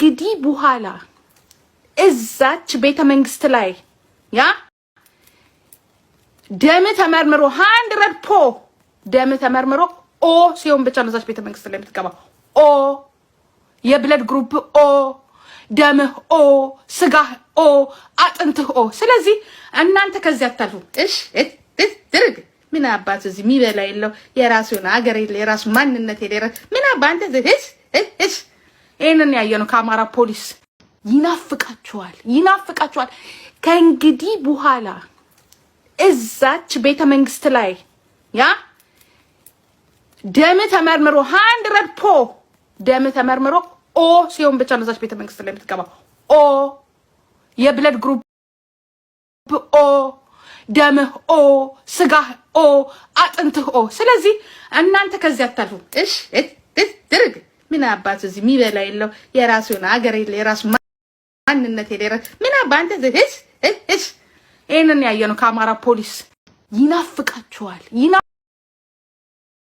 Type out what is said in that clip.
ከእንግዲህ በኋላ እዛች ቤተ መንግስት ላይ ያ ደም ተመርምሮ ሀንድረድ ፖ ደም ተመርምሮ ኦ ሲሆን ብቻ ነው እዛች ቤተ መንግስት ላይ የምትገባ ኦ የብለድ ግሩፕ ኦ ደምህ ኦ ስጋህ ኦ አጥንትህ ኦ። ስለዚህ እናንተ ከዚህ አታልፉ። እሽ ድርግ ምን አባት እዚህ የሚበላ የለው የራሱ ሀገር የለ የራሱ ማንነት የለ ምን አባ አንተ ይህንን ያየ ነው ከአማራ ፖሊስ። ይናፍቃችኋል፣ ይናፍቃችኋል። ከእንግዲህ በኋላ እዛች ቤተ መንግስት ላይ ያ ደም ተመርምሮ ሀንድረድ ፖ ደም ተመርምሮ ኦ ሲሆን ብቻ ነው እዛች ቤተ መንግስት ላይ የምትገባ ኦ የብለድ ግሩፕ ኦ ደምህ ኦ ስጋህ ኦ አጥንትህ ኦ። ስለዚህ እናንተ ከዚህ አታልፉ። እሽ ምን አባት እዚህ የሚበላ የለው የራሱ የሆነ ሀገር የለ የራሱ ማንነት የለ ምን አባ አንተ ይህንን ያየ ነው ከአማራ ፖሊስ ይናፍቃችኋል።